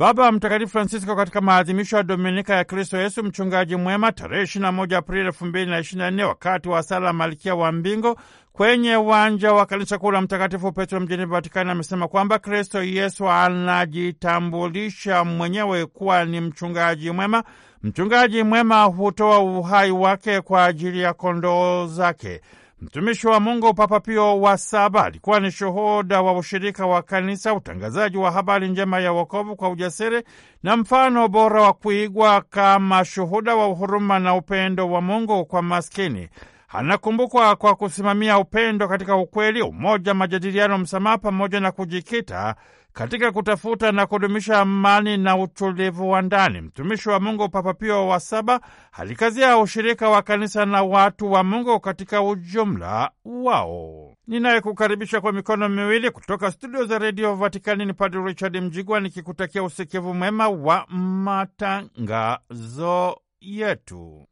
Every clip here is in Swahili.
Baba Mtakatifu Francisco katika maadhimisho ya Dominika ya Kristo Yesu mchungaji mwema tarehe 21 Aprili 2024 wakati wa sala Malkia wa Mbingo kwenye uwanja wa kanisa kuu la Mtakatifu Petro mjini Vatikani amesema kwamba Kristo Yesu anajitambulisha mwenyewe kuwa ni mchungaji mwema. Mchungaji mwema hutoa uhai wake kwa ajili ya kondoo zake. Mtumishi wa Mungu Papa Pio wa saba alikuwa ni shuhuda wa ushirika wa kanisa, utangazaji wa habari njema ya wokovu kwa ujasiri na mfano bora wa kuigwa kama shuhuda wa uhuruma na upendo wa Mungu kwa maskini. Anakumbukwa kwa kusimamia upendo katika ukweli, umoja, majadiliano, msamaha pamoja na kujikita katika kutafuta na kudumisha amani na utulivu wa ndani. Mtumishi wa Mungu Papa Pio wa saba alikazia ushirika wa kanisa na watu wa Mungu katika ujumla wao. Ninayekukaribisha kwa mikono miwili kutoka studio za redio Vatikani ni Padre Richard Mjigwa, nikikutakia usikivu mwema wa matangazo yetu.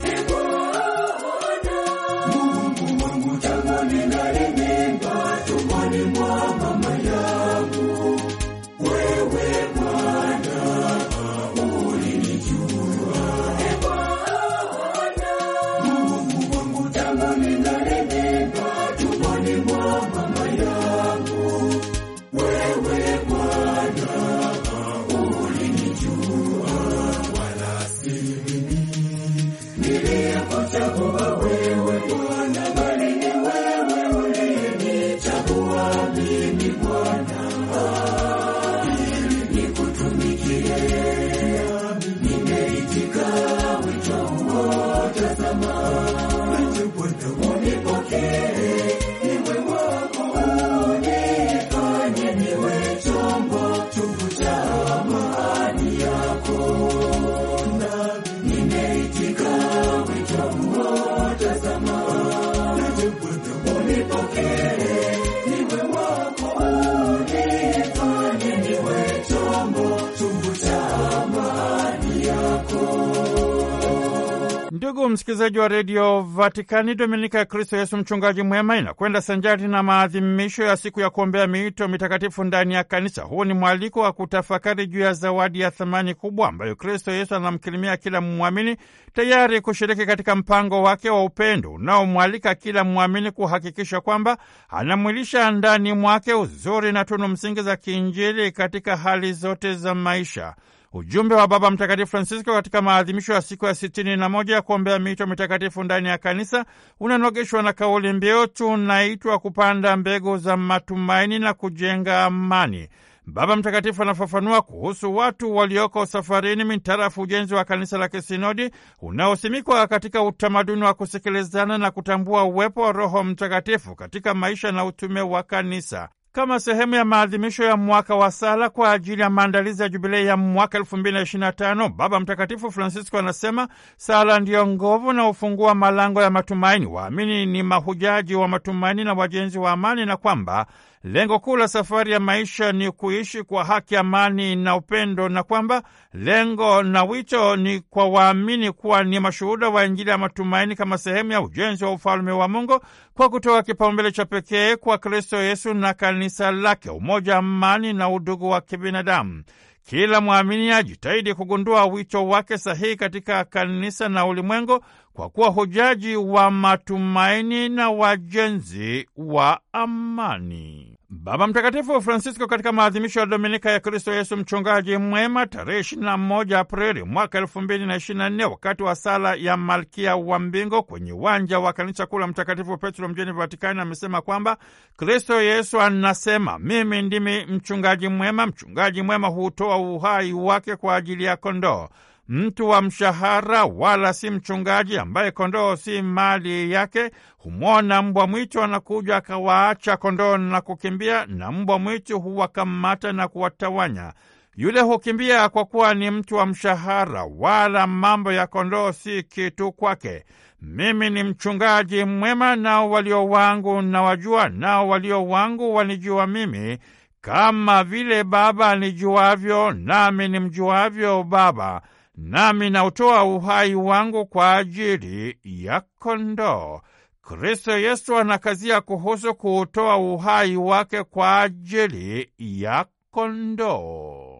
Ndugu msikilizaji wa redio Vatikani, Dominika ya Kristo Yesu mchungaji mwema inakwenda sanjari na maadhimisho ya siku ya kuombea miito mitakatifu ndani ya kanisa. Huu ni mwaliko wa kutafakari juu ya zawadi ya thamani kubwa ambayo Kristo Yesu anamkirimia kila mwamini, tayari kushiriki katika mpango wake wa upendo unaomwalika kila mwamini kuhakikisha kwamba anamwilisha ndani mwake uzuri na tunu msingi za kiinjili katika hali zote za maisha. Ujumbe wa Baba Mtakatifu Francisco katika maadhimisho ya siku ya sitini na moja ya kuombea miito mitakatifu ndani ya Kanisa unanogeshwa na kauli mbiu tunaitwa kupanda mbegu za matumaini na kujenga amani. Baba Mtakatifu anafafanua kuhusu watu walioko safarini mintarafu ujenzi wa kanisa la kisinodi unaosimikwa katika utamaduni wa kusikilizana na kutambua uwepo wa Roho Mtakatifu katika maisha na utume wa kanisa kama sehemu ya maadhimisho ya mwaka wa sala kwa ajili ya maandalizi ya jubilei ya mwaka 2025, Baba Mtakatifu Francisco anasema sala ndiyo nguvu na ufungua malango ya matumaini. Waamini ni mahujaji wa matumaini na wajenzi wa amani, na kwamba lengo kuu la safari ya maisha ni kuishi kwa haki, amani na upendo, na kwamba lengo na wito ni kwa waamini kuwa ni mashuhuda wa Injili ya matumaini kama sehemu ya ujenzi wa ufalme wa Mungu kwa kutoa kipaumbele cha pekee kwa Kristo Yesu na kanisa lake, umoja, amani na udugu wa kibinadamu. Kila mwamini ajitahidi kugundua wito wake sahihi katika kanisa na ulimwengu, kwa kuwa hujaji wa matumaini na wajenzi wa amani. Baba Mtakatifu Francisco katika maadhimisho ya Dominika ya Kristo Yesu mchungaji mwema tarehe 21 Aprili mwaka 2024 wakati wa sala ya Malkia wa mbingo kwenye uwanja wa kanisa kuu la Mtakatifu Petro mjini Vatikani amesema kwamba Kristo Yesu anasema, mimi ndimi mchungaji mwema, mchungaji mwema hutoa uhai wake kwa ajili ya kondoo mtu wa mshahara wala si mchungaji, ambaye kondoo si mali yake, humwona mbwa mwitu anakuja, akawaacha kondoo na kukimbia, na mbwa mwitu huwakamata na kuwatawanya. Yule hukimbia kwa kuwa ni mtu wa mshahara, wala mambo ya kondoo si kitu kwake. Mimi ni mchungaji mwema, nao walio wangu nawajua, nao walio wangu wanijua mimi, kama vile Baba nijuavyo nami nimjuavyo Baba nami nautoa uhai wangu kwa ajili ya kondoo. Kristo Yesu anakazia kuhusu kuutoa uhai wake kwa ajili ya kondoo.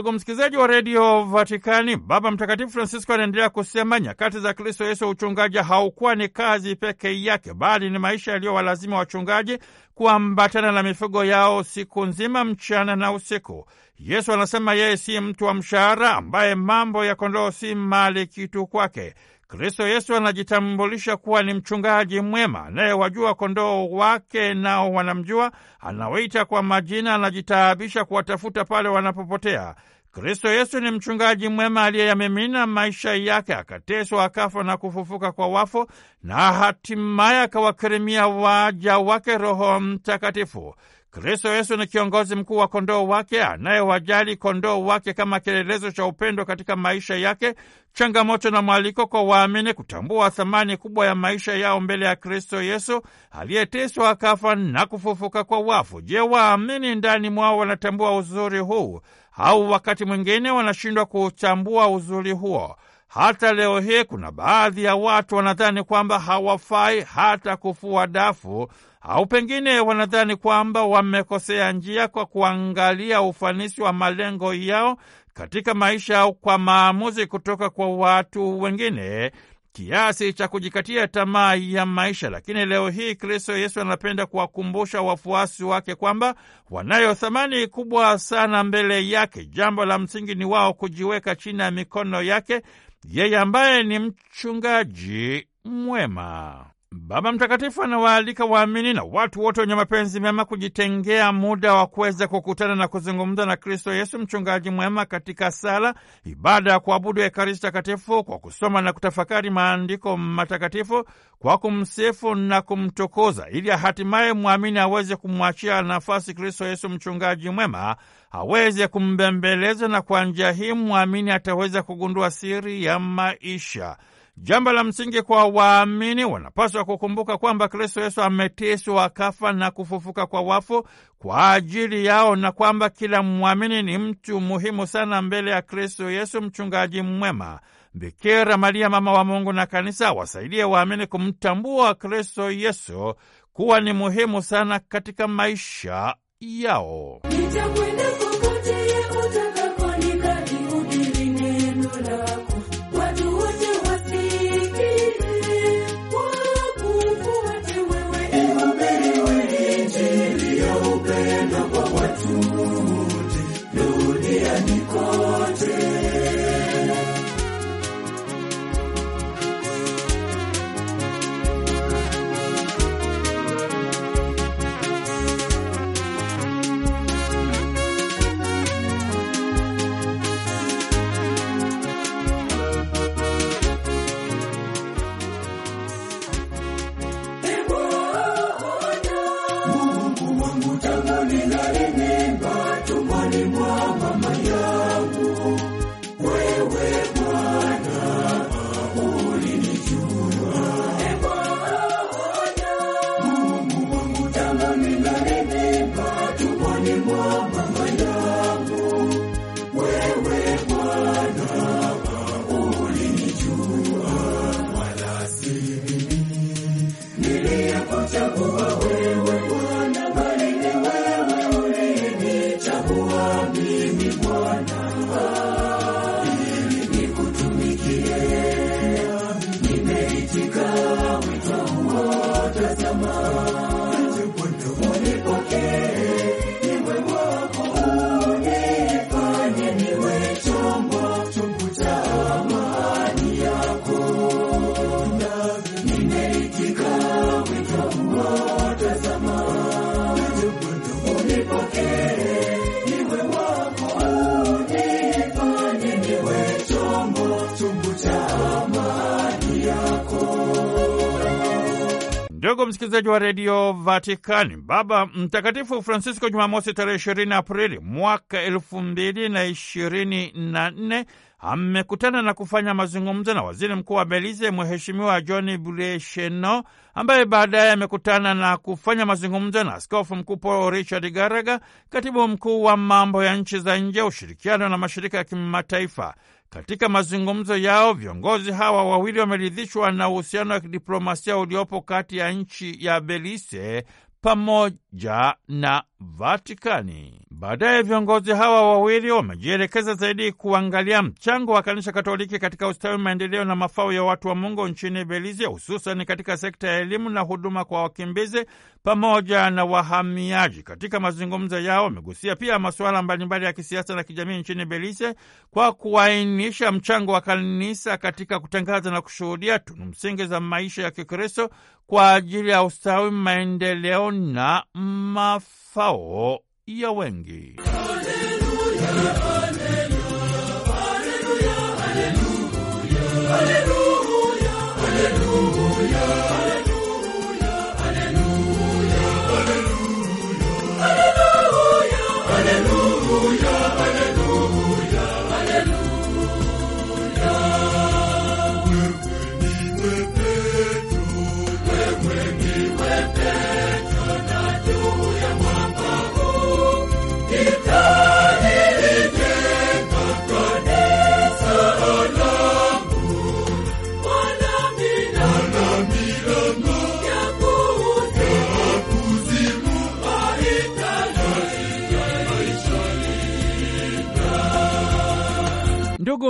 Ndugu msikilizaji wa redio Vatikani, Baba Mtakatifu Francisco anaendelea kusema nyakati za Kristo Yesu uchungaji haukuwa ni kazi peke yake, bali ni maisha yaliyowalazima wachungaji kuambatana na mifugo yao siku nzima, mchana na usiku. Yesu anasema yeye si mtu wa mshahara, ambaye mambo ya kondoo si mali kitu kwake. Kristo Yesu anajitambulisha kuwa ni mchungaji mwema anayewajua kondoo wake nao wanamjua, anawaita kwa majina, anajitaabisha kuwatafuta pale wanapopotea. Kristo Yesu ni mchungaji mwema aliyeyamimina maisha yake, akateswa, akafa na kufufuka kwa wafu, na hatimaye akawakirimia waja wake Roho Mtakatifu. Kristo Yesu ni kiongozi mkuu wa kondoo wake anayewajali kondoo wake kama kielelezo cha upendo katika maisha yake, changamoto na mwaliko kwa waamini kutambua thamani kubwa ya maisha yao mbele ya Kristo Yesu aliyeteswa akafa na kufufuka kwa wafu. Je, waamini ndani mwao wanatambua uzuri huu au wakati mwingine wanashindwa kuutambua uzuri huo? Hata leo hii kuna baadhi ya watu wanadhani kwamba hawafai hata kufua dafu au pengine wanadhani kwamba wamekosea njia kwa kuangalia ufanisi wa malengo yao katika maisha au kwa maamuzi kutoka kwa watu wengine kiasi cha kujikatia tamaa ya maisha. Lakini leo hii Kristo Yesu anapenda kuwakumbusha wafuasi wake kwamba wanayo thamani kubwa sana mbele yake. Jambo la msingi ni wao kujiweka chini ya mikono yake, yeye ambaye ni mchungaji mwema. Baba Mtakatifu anawaalika waamini na watu wote wenye mapenzi mema kujitengea muda wa kuweza kukutana na kuzungumza na Kristo Yesu, mchungaji mwema, katika sala, ibada ya kuabudu Ekaristi Takatifu, kwa kusoma na kutafakari maandiko matakatifu, kwa kumsifu na kumtukuza, ili hatimaye mwamini aweze kumwachia nafasi Kristo Yesu, mchungaji mwema, aweze kumbembeleza, na kwa njia hii mwamini ataweza kugundua siri ya maisha. Jambo la msingi kwa waamini, wanapaswa kukumbuka kwamba Kristo Yesu ameteswa, akafa na kufufuka kwa wafu kwa ajili yao na kwamba kila mwamini ni mtu muhimu sana mbele ya Kristo Yesu, mchungaji mwema. Bikira Maria, mama wa Mungu na Kanisa, wasaidie waamini kumtambua Kristo Yesu kuwa ni muhimu sana katika maisha yao. jamaa ndugu msikilizaji wa redio Vatikani, Baba Mtakatifu Francisco Jumamosi tarehe ishirini Aprili mwaka elfu mbili na ishirini na nne amekutana na kufanya mazungumzo na waziri mkuu wa Belize Mheshimiwa John Bresheno, ambaye baadaye amekutana na kufanya mazungumzo na askofu mkuu Paul Richard Garaga, katibu mkuu wa mambo ya nchi za nje, ushirikiano na mashirika ya kimataifa. Katika mazungumzo yao viongozi hawa wawili wameridhishwa na uhusiano wa kidiplomasia uliopo kati ya nchi ya Belize pamoja na Vatikani. Baadaye viongozi hawa wawili wamejielekeza zaidi kuangalia mchango wa kanisa Katoliki katika ustawi, maendeleo na mafao ya watu wa Mungu nchini Belize, hususani katika sekta ya elimu na huduma kwa wakimbizi pamoja na wahamiaji. Katika mazungumzo yao wamegusia pia masuala mbalimbali ya kisiasa na kijamii nchini Belize kwa kuainisha mchango wa kanisa katika kutangaza na kushuhudia tunu msingi za maisha ya Kikristo kwa ajili ya ustawi, maendeleo na mafao ya wengi. Haleluya!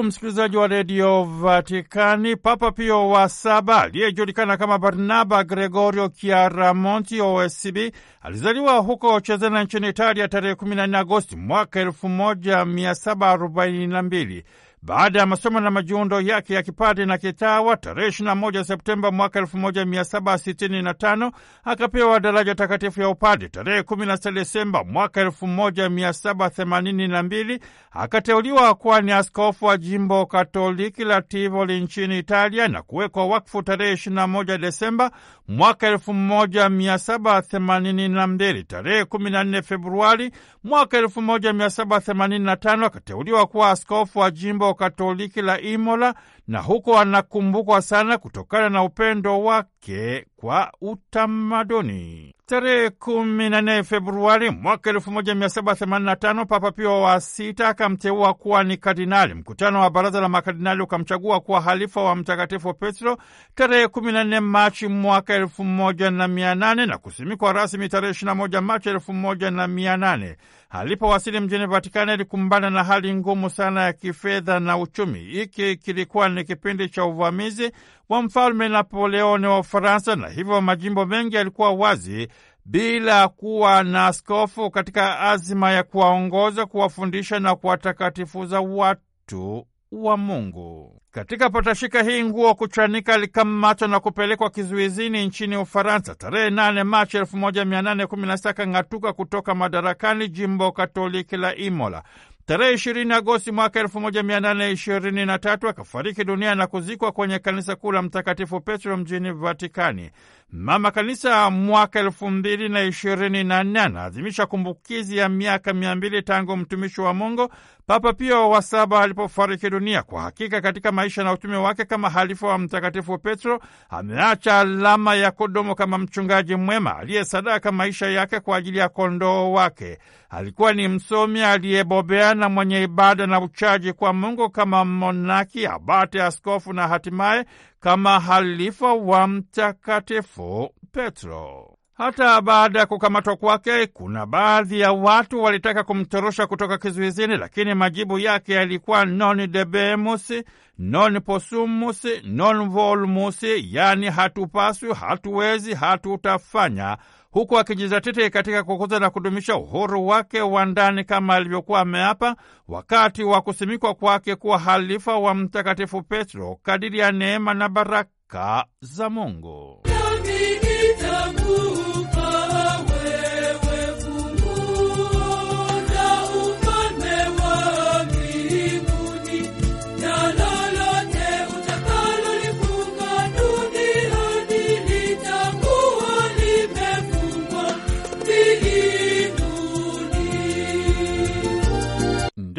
Ndugu msikilizaji wa redio Vatikani, Papa Pio wa saba aliyejulikana kama Barnaba Gregorio Chiaramonti OSB alizaliwa huko Chezena nchini Italia tarehe 14 Agosti mwaka 1742 baada ya masomo na majiundo yake ya kipadi na kitawa, tarehe 21 Septemba mwaka 1765 akapewa daraja takatifu ya upadi. Tarehe 16 Desemba mwaka 1782 akateuliwa kuwa ni askofu wa jimbo katoliki la Tivoli nchini Italia na kuwekwa wakfu tarehe 21 Desemba mwaka 1782. Tarehe 14 Februari mwaka 1785 akateuliwa kuwa askofu wa jimbo Katoliki la Imola na huko anakumbukwa sana kutokana na upendo wake kwa utamaduni. Tarehe kumi na nne Februari mwaka elfu moja mia saba themanini na tano Papa Pio wa Sita akamteua kuwa ni kardinali. Mkutano wa baraza la makardinali ukamchagua kuwa halifa wa Mtakatifu Petro tarehe kumi na nne Machi mwaka elfu moja na mia nane na kusimikwa rasmi tarehe ishirini na moja Machi elfu moja na mia nane. Alipowasili mjini Vatikani alikumbana na hali ngumu sana ya kifedha na uchumi. Hiki kilikuwa ni ni kipindi cha uvamizi wa mfalme Napoleoni wa Ufaransa, na hivyo majimbo mengi yalikuwa wazi bila kuwa na askofu katika azima ya kuwaongoza, kuwafundisha na kuwatakatifuza watu wa Mungu. Katika patashika hii, nguo kuchanika alikamatwa na kupelekwa kizuizini nchini Ufaransa. Tarehe 8 Machi 1816 Ng'atuka kutoka madarakani jimbo katoliki la Imola. Tarehe ishirini Agosti mwaka elfu moja mia nane ishirini na tatu akafariki dunia na kuzikwa kwenye kanisa kuu la Mtakatifu Petro mjini Vatikani. Mama Kanisa mwaka elfu mbili na ishirini na nne anaadhimisha kumbukizi ya miaka mia mbili tangu mtumishi wa Mungu Papa Pio wa saba alipofariki dunia. Kwa hakika katika maisha na utume wake kama halifa wa Mtakatifu Petro ameacha alama ya kudumu kama mchungaji mwema aliyesadaka maisha yake kwa ajili ya kondoo wake. Alikuwa ni msomi aliyebobea na mwenye ibada na uchaji kwa Mungu kama monaki, abate, askofu na hatimaye kama halifa wa Mtakatifu Petro. Hata baada ya kukamatwa kwake, kuna baadhi ya watu walitaka kumtorosha kutoka kizuizini, lakini majibu yake yalikuwa non debemus, non possumus, non volumus, yaani hatupaswi, hatuwezi, hatutafanya huku akijizatiti katika kukuza na kudumisha uhuru wake wa ndani kama alivyokuwa ameapa wakati wa kusimikwa kwake kuwa halifa wa Mtakatifu Petro kadiri ya neema na baraka za Mungu.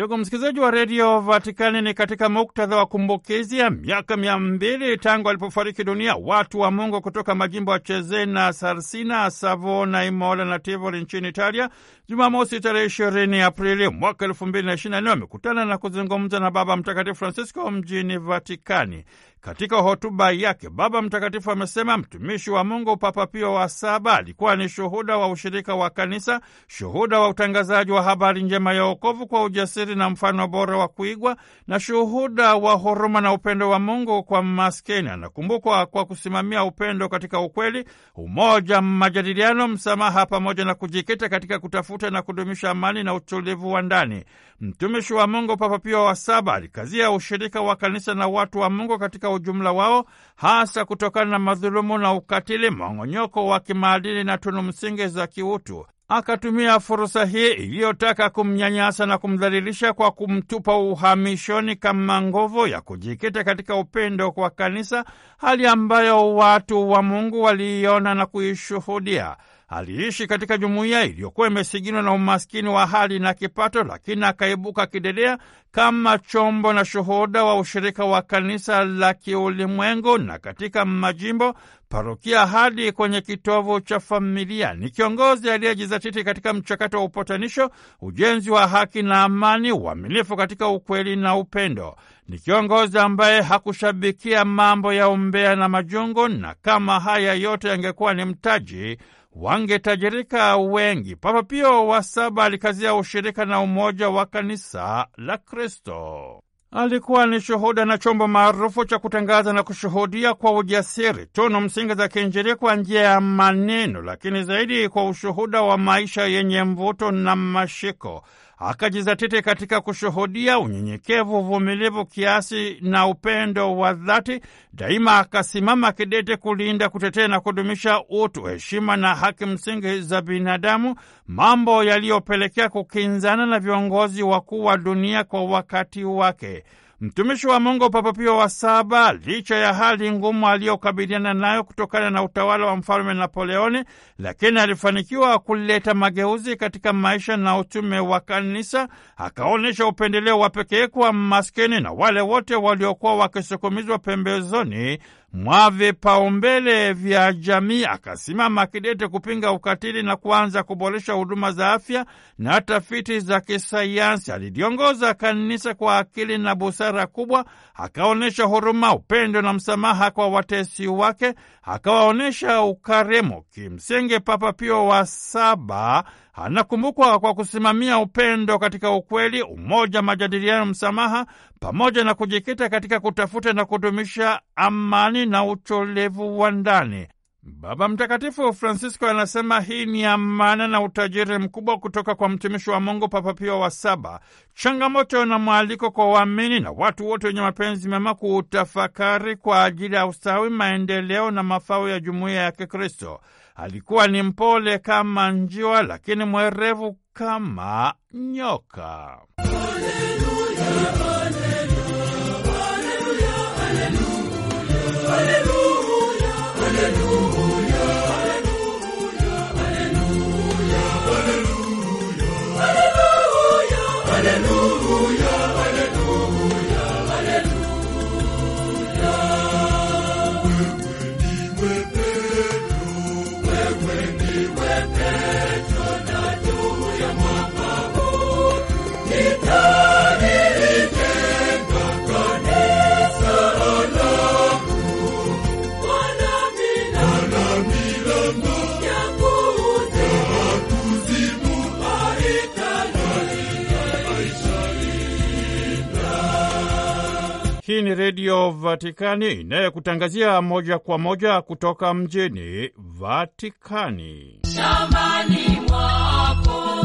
Ndugu msikilizaji wa redio Vatikani, ni katika muktadha wa kumbukizi ya miaka mia mbili tangu alipofariki dunia watu wa Mungu kutoka majimbo ya Chezena, Sarsina, Savona, Imola na Tivoli nchini Italia Jumamosi tarehe ishirini Aprili mwaka elfu mbili na ishirini na nne wamekutana na kuzungumza na Baba Mtakatifu Francisco mjini Vatikani. Katika hotuba yake, Baba Mtakatifu amesema mtumishi wa Mungu Papa Pio wa saba alikuwa ni shuhuda wa ushirika wa Kanisa, shuhuda wa utangazaji wa habari njema ya wokovu kwa ujasiri na mfano bora wa kuigwa, na shuhuda wa huruma na upendo wa Mungu kwa maskini. Anakumbukwa kwa kusimamia upendo katika ukweli, umoja, majadiliano, msamaha pamoja na kujikita katika kutafuta kuvuta na kudumisha amani na utulivu wa ndani. Mtumishi wa Mungu Papa Pio wa Saba alikazia ushirika wa kanisa na watu wa Mungu katika ujumla wao, hasa kutokana na madhulumu na ukatili, mong'onyoko wa kimaadili na tunu msingi za kiutu. Akatumia fursa hii iliyotaka kumnyanyasa na kumdhalilisha kwa kumtupa uhamishoni kama nguvu ya kujikita katika upendo kwa kanisa, hali ambayo watu wa Mungu waliiona na kuishuhudia. Aliishi katika jumuiya iliyokuwa imesiginwa na umaskini wa hali na kipato, lakini akaibuka kidedea kama chombo na shuhuda wa ushirika wa kanisa la kiulimwengu na katika majimbo, parokia hadi kwenye kitovu cha familia. Ni kiongozi aliyejizatiti katika mchakato wa upatanisho, ujenzi wa haki na amani, uaminifu katika ukweli na upendo. Ni kiongozi ambaye hakushabikia mambo ya umbea na majungu, na kama haya yote yangekuwa ni mtaji wangetajirika wengi. Papa Pio wa Saba alikazia ushirika na umoja wa kanisa la Kristo. Alikuwa ni shuhuda na chombo maarufu cha kutangaza na kushuhudia kwa ujasiri tunu msingi za kiinjili kwa njia ya maneno, lakini zaidi kwa ushuhuda wa maisha yenye mvuto na mashiko akajizatiti katika kushuhudia unyenyekevu, uvumilivu, kiasi na upendo wa dhati. Daima akasimama kidete kulinda, kutetea na kudumisha utu, heshima na haki msingi za binadamu, mambo yaliyopelekea kukinzana na viongozi wakuu wa dunia kwa wakati wake. Mtumishi wa Mungu Papa Pio wa saba, licha ya hali ngumu aliyokabiliana nayo kutokana na utawala wa mfalme Napoleoni, lakini alifanikiwa kuleta mageuzi katika maisha na utume wa kanisa. Akaonyesha upendeleo wa pekee kwa maskini na wale wote waliokuwa wakisukumizwa pembezoni mwa vipaumbele vya jamii, akasimama kidete kupinga ukatili na kuanza kuboresha huduma za afya na tafiti za kisayansi. Aliliongoza kanisa kwa akili na busara kubwa, akaonyesha huruma, upendo na msamaha kwa watesi wake, akawaonyesha ukarimu. Kimsingi, Papa Pio wa saba Anakumbukwa kwa kusimamia upendo katika ukweli, umoja, majadiliano, msamaha, pamoja na kujikita katika kutafuta na kudumisha amani na ucholevu wa ndani. Baba Mtakatifu Francisco anasema hii ni amana na utajiri mkubwa kutoka kwa mtumishi wa Mungu Papa Pio wa Saba, changamoto na mwaliko kwa waamini na watu wote wenye mapenzi mema kuutafakari kwa ajili ya ustawi, maendeleo na mafao ya jumuiya ya Kikristo. Alikuwa ni mpole kama njiwa, lakini mwerevu kama nyoka. Alleluia, Hii ni Redio Vatikani inayekutangazia moja kwa moja kutoka mjini Vatikani. Shambani mwako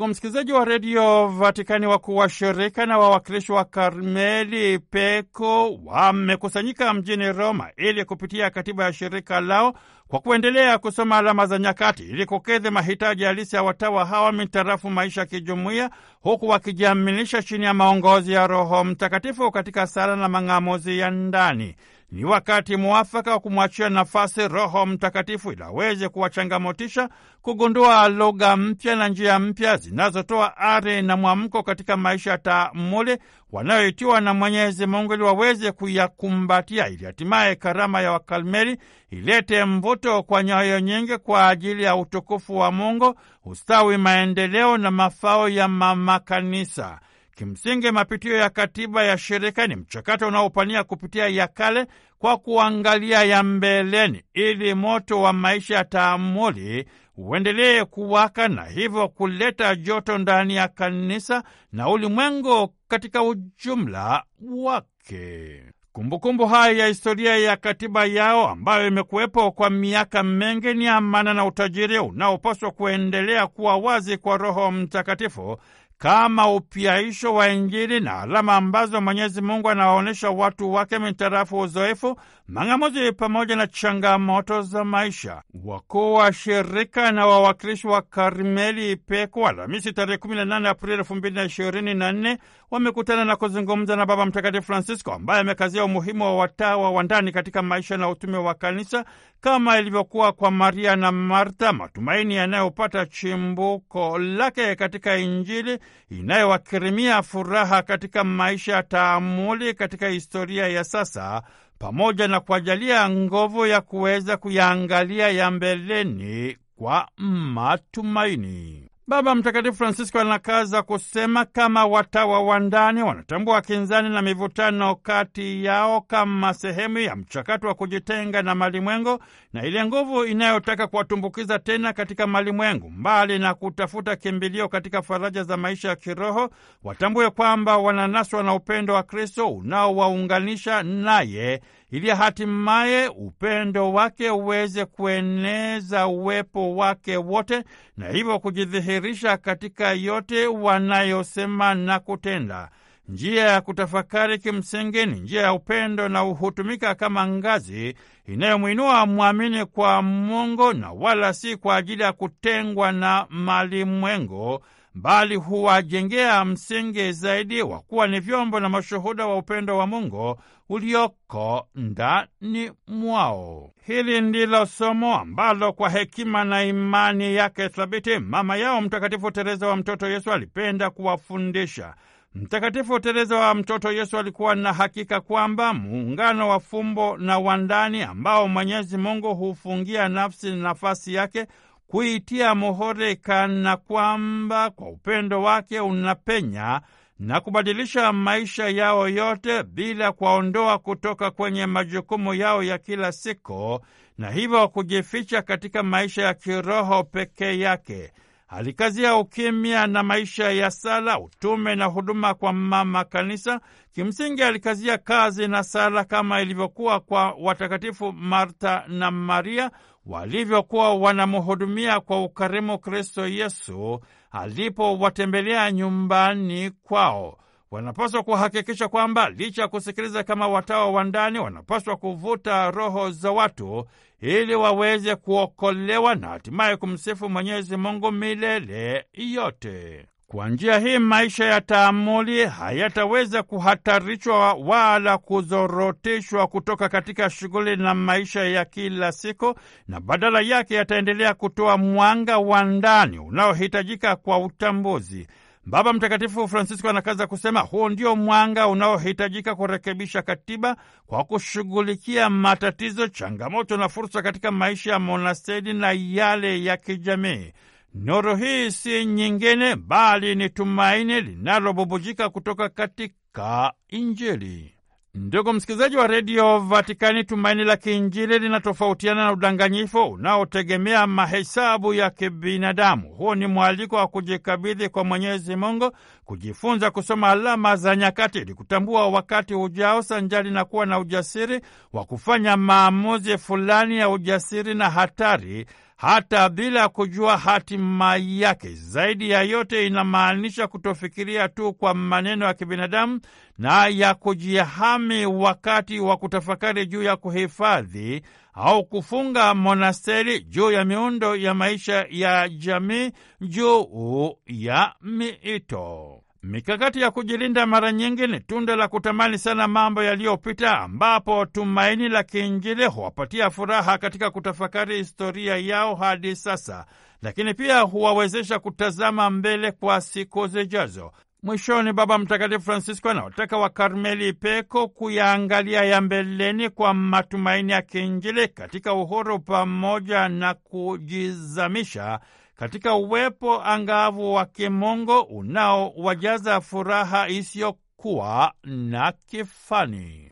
Ndugu msikilizaji wa redio Vatikani, wakuu wa shirika na wawakilishi wa Karmeli Peko wamekusanyika mjini Roma ili kupitia katiba ya shirika lao kwa kuendelea kusoma alama za nyakati ili kukidhi mahitaji halisi ya watawa hawa mitarafu maisha ya kijumuiya, huku wakijiaminisha chini ya maongozi ya Roho Mtakatifu katika sala na mang'amuzi ya ndani ni wakati mwafaka wa kumwachia nafasi Roho Mtakatifu ili aweze kuwachangamotisha kugundua lugha mpya na njia mpya zinazotoa ari na mwamko katika maisha ya taamuli wanayoitiwa na Mwenyezi Mungu, ili waweze kuyakumbatia, ili hatimaye karama ya Wakalmeri ilete mvuto kwa nyoyo nyingi kwa ajili ya utukufu wa Mungu, ustawi, maendeleo na mafao ya mama Kanisa. Kimsingi, mapitio ya katiba ya shirika ni mchakato unaopania kupitia ya kale kwa kuangalia ya mbeleni, ili moto wa maisha ya taamuli uendelee kuwaka na hivyo kuleta joto ndani ya kanisa na ulimwengu katika ujumla wake. Kumbukumbu haya ya historia ya katiba yao ambayo imekuwepo kwa miaka mengi ni amana na utajiri unaopaswa kuendelea kuwa wazi kwa Roho Mtakatifu kama upyaisho wa Injili na alama ambazo Mwenyezi Mungu anawaonyesha watu wake mitarafu uzoefu Mang'amuzi pamoja na changamoto za maisha. Wakuu wa shirika na wawakilishi wa Karmeli Peku Alhamisi tarehe 18 Aprili 2024 wamekutana na kuzungumza na Baba Mtakatifu Francisco ambaye amekazia umuhimu wa watawa wa ndani katika maisha na utume wa kanisa kama ilivyokuwa kwa Maria na Martha, matumaini yanayopata chimbuko lake katika Injili inayowakirimia furaha katika maisha taamuli katika historia ya sasa pamoja na kuwajalia nguvu ya kuweza kuyaangalia ya mbeleni kwa matumaini. Baba Mtakatifu Francisco anakaza kusema kama watawa wa ndani wanatambua wakinzani na mivutano kati yao kama sehemu ya mchakato wa kujitenga na malimwengu na ile nguvu inayotaka kuwatumbukiza tena katika malimwengu, mbali na kutafuta kimbilio katika faraja za maisha ya kiroho, watambue kwamba wananaswa na upendo wa Kristo unaowaunganisha naye ili hatimaye upendo wake uweze kueneza uwepo wake wote na hivyo kujidhihirisha katika yote wanayosema na kutenda. Njia ya kutafakari kimsingi ni njia ya upendo na uhutumika kama ngazi inayomwinua mwamini kwa Mungu na wala si kwa ajili ya kutengwa na malimwengo bali huwajengea msingi zaidi wa kuwa ni vyombo na mashuhuda wa upendo wa Mungu ulioko ndani mwao. Hili ndilo somo ambalo kwa hekima na imani yake thabiti mama yao Mtakatifu Tereza wa Mtoto Yesu alipenda kuwafundisha. Mtakatifu Tereza wa Mtoto Yesu alikuwa na hakika kwamba muungano wa fumbo na wa ndani ambao Mwenyezi Mungu hufungia nafsi nafasi yake kuitia muhuri kana kwamba kwa upendo wake unapenya na kubadilisha maisha yao yote bila kuwaondoa kutoka kwenye majukumu yao ya kila siku na hivyo kujificha katika maisha ya kiroho pekee yake. Alikazia ukimya na maisha ya sala, utume na huduma kwa mama kanisa. Kimsingi alikazia kazi na sala kama ilivyokuwa kwa watakatifu Marta na Maria walivyokuwa wanamhudumia kwa ukarimu Kristo Yesu alipowatembelea nyumbani kwao. Wanapaswa kuhakikisha kwamba licha ya kusikiliza kama watawa wa ndani, wanapaswa kuvuta roho za watu ili waweze kuokolewa na hatimaye kumsifu Mwenyezi Mungu milele yote. Kwa njia hii maisha ya taamuli hayataweza kuhatarishwa wala kuzoroteshwa kutoka katika shughuli na maisha ya kila siku, na badala yake yataendelea kutoa mwanga wa ndani unaohitajika kwa utambuzi. Baba Mtakatifu Francisco anakaza kusema huu ndio mwanga unaohitajika kurekebisha katiba kwa kushughulikia matatizo, changamoto na fursa katika maisha ya monasteri na yale ya kijamii. Nuru hii si nyingine bali ni tumaini linalobubujika kutoka katika Injili. Ndugu msikilizaji wa redio Vatikani, tumaini la kiinjili linatofautiana na udanganyifu unaotegemea mahesabu ya kibinadamu. Huu ni mwaliko wa kujikabidhi kwa Mwenyezi Mungu, kujifunza kusoma alama za nyakati ili kutambua wakati ujao, sanjari na kuwa na ujasiri wa kufanya maamuzi fulani ya ujasiri na hatari hata bila kujua hatima yake. Zaidi ya yote, inamaanisha kutofikiria tu kwa maneno ya kibinadamu na ya kujihami wakati wa kutafakari juu ya kuhifadhi au kufunga monasteri, juu ya miundo ya maisha ya jamii, juu ya miito. Mikakati ya kujilinda mara nyingi ni tunda la kutamani sana mambo yaliyopita, ambapo tumaini la kiinjili huwapatia furaha katika kutafakari historia yao hadi sasa, lakini pia huwawezesha kutazama mbele kwa siku zijazo. Mwishoni, Baba Mtakatifu Francisco anawataka Wakarmeli peko kuyaangalia ya mbeleni kwa matumaini ya kiinjili katika uhuru pamoja na kujizamisha katika uwepo angavu wa kimongo unaowajaza furaha isiyokuwa na kifani.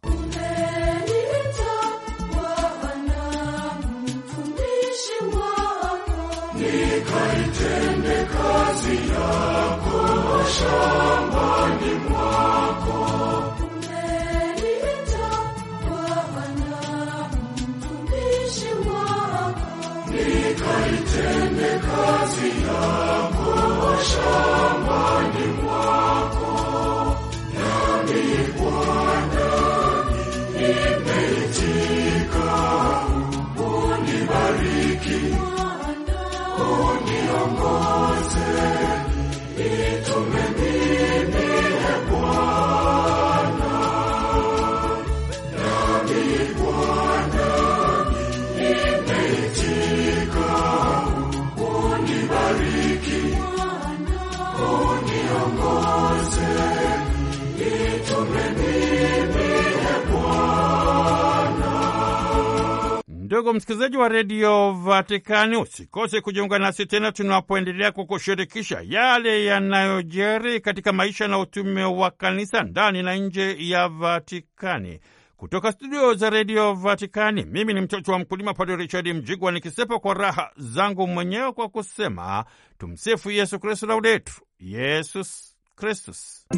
Nikaitende kazi yako shambani mwako. Umeniita bwana mtumishi wako. utende kazi yako shambani mwako, nami kwa nami nimeitika unibariki, uniongoze, nitume Ndugu msikilizaji wa redio Vatikani, usikose kujiunga nasi tena tunapoendelea kukushirikisha yale yanayojeri katika maisha na utume wa kanisa ndani na nje ya Vatikani. Kutoka studio za redio Vatikani, mimi ni mtoto wa mkulima Padre Richard Mjigwa, nikisepa kwa raha zangu mwenyewe kwa kusema tumsifu Yesu Kristu, laudetu Yesus Kristus.